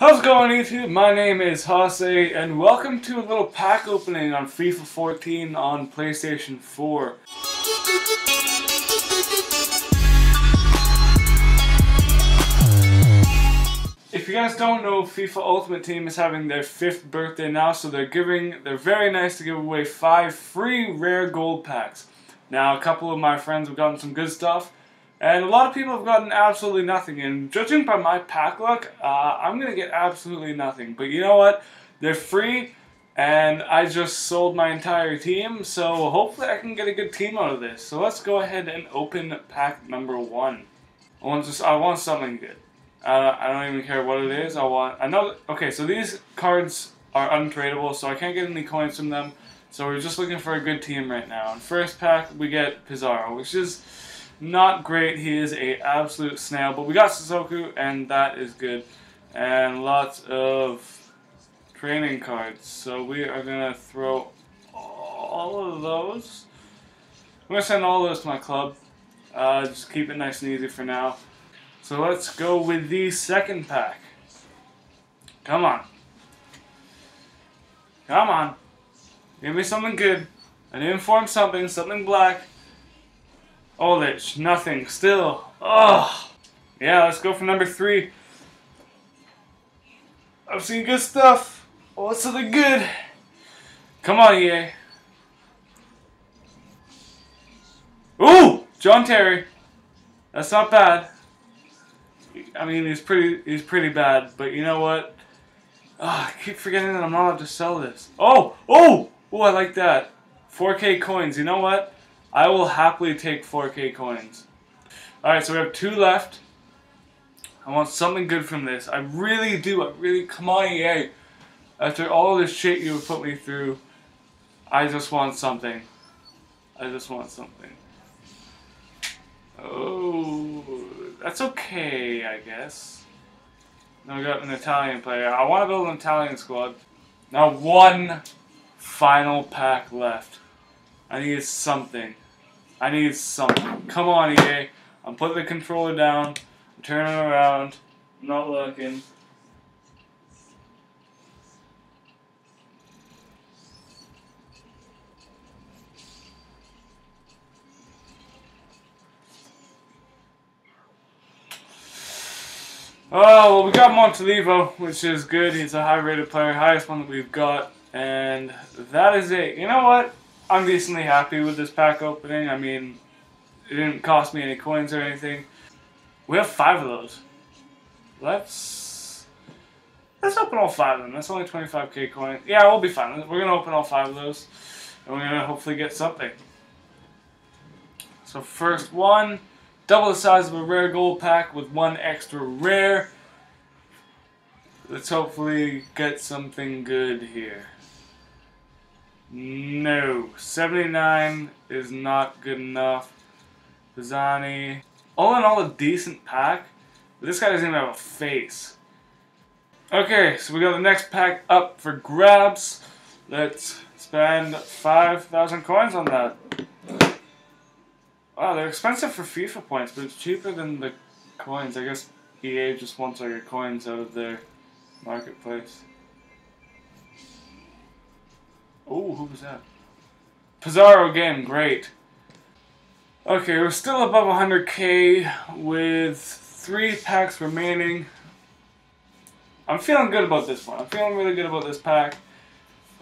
How's it going YouTube? My name is Hase and welcome to a little pack opening on FIFA 14 on PlayStation 4. If you guys don't know, FIFA Ultimate Team is having their 5th birthday now, so they're giving, they're very nice to give away 5 free rare gold packs. Now a couple of my friends have gotten some good stuff, and a lot of people have gotten absolutely nothing. And judging by my pack luck, uh, I'm going to get absolutely nothing. But you know what? They're free, and I just sold my entire team. So hopefully I can get a good team out of this. So let's go ahead and open pack number one. I want, just, I want something good. Uh, I don't even care what it is. I want. I know. Okay, so these cards are untradeable, so I can't get any coins from them. So we're just looking for a good team right now. And first pack, we get Pizarro, which is not great. He is a absolute snail. But we got Suzoku, and that is good. And lots of training cards. So we are going to throw all of those. I'm going to send all those to my club. Uh, just keep it nice and easy for now. So let's go with the second pack. Come on. Come on. Give me something good. An inform something, something black. Olich, nothing still. Oh, yeah, let's go for number three. I've seen good stuff. Oh, what's something good? Come on, EA. Ooh, John Terry. That's not bad. I mean, he's pretty, he's pretty bad, but you know what? Oh, I keep forgetting that I'm not allowed to sell this. Oh, oh, oh, I like that. 4K coins, you know what? I will happily take 4k coins. Alright, so we have two left. I want something good from this. I really do. I really, come on EA. After all this shit you have put me through, I just want something. I just want something. Oh, that's okay, I guess. Now we got an Italian player. I want to build an Italian squad. Now one final pack left. I need something. I need something. Come on, EA. I'm putting the controller down. I'm turning around. I'm not looking. Oh, well, we got Montelivo, which is good. He's a high-rated player, highest one that we've got. And that is it. You know what? I'm decently happy with this pack opening. I mean, it didn't cost me any coins or anything. We have five of those. Let's let's open all five of them. That's only 25k coins. Yeah, we'll be fine. We're gonna open all five of those, and we're gonna hopefully get something. So first one, double the size of a rare gold pack with one extra rare. Let's hopefully get something good here. No. 79 is not good enough. Pisani. All in all, a decent pack. But this guy doesn't even have a face. Okay, so we got the next pack up for grabs. Let's spend 5,000 coins on that. Wow, they're expensive for FIFA points, but it's cheaper than the coins. I guess EA just wants all your coins out of their marketplace. Oh, who was that? Pizarro again, great. Okay, we're still above 100k with three packs remaining. I'm feeling good about this one. I'm feeling really good about this pack.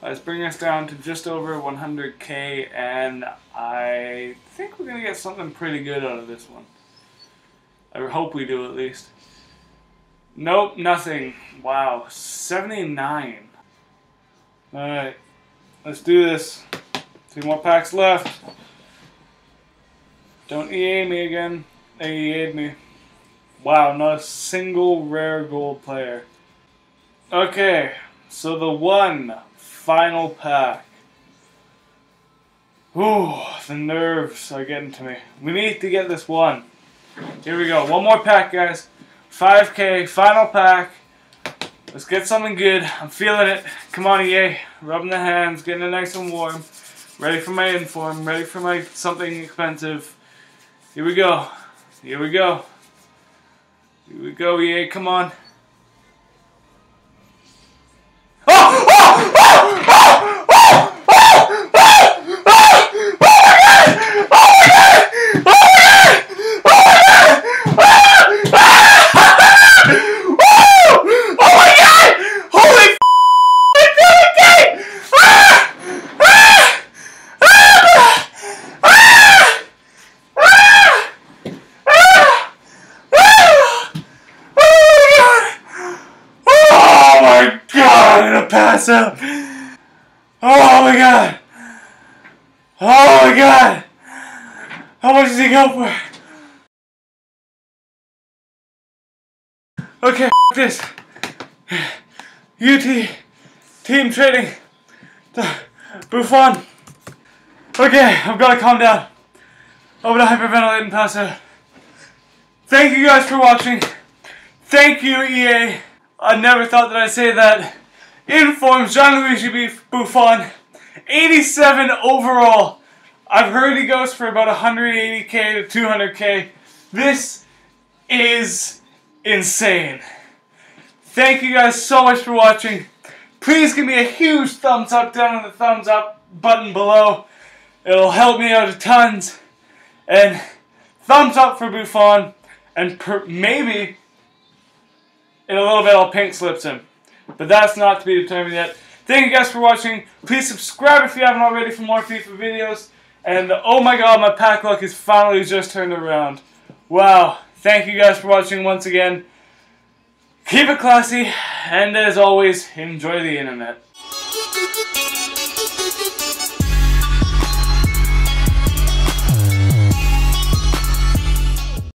Let's uh, bring us down to just over 100k, and I think we're going to get something pretty good out of this one. I hope we do, at least. Nope, nothing. Wow, 79. Alright, Let's do this. Two more packs left. Don't EA me again. They EA'd me. Wow, not a single rare gold player. Okay, so the one final pack. Ooh, the nerves are getting to me. We need to get this one. Here we go. One more pack, guys. 5K, final pack. Let's get something good. I'm feeling it. Come on, EA. Rubbing the hands, getting it nice and warm. Ready for my inform, ready for my something expensive. Here we go. Here we go. Here we go, EA. Come on. pass up. Oh my god. Oh my god. How much does he go for? Okay, this. UT team trading. Buffon. Okay, I've got to calm down. I'm going to hyperventilate and pass out. Thank you guys for watching. Thank you, EA. I never thought that I'd say that. Inform Gianluigi Buffon, 87 overall. I've heard he goes for about 180k to 200k. This is insane. Thank you guys so much for watching. Please give me a huge thumbs up down on the thumbs up button below. It'll help me out a tons. And thumbs up for Buffon. And maybe in a little bit I'll pink slips him but that's not to be determined yet. Thank you guys for watching. Please subscribe if you haven't already for more FIFA videos. And oh my god, my pack luck is finally just turned around. Wow. Thank you guys for watching once again. Keep it classy, and as always, enjoy the internet.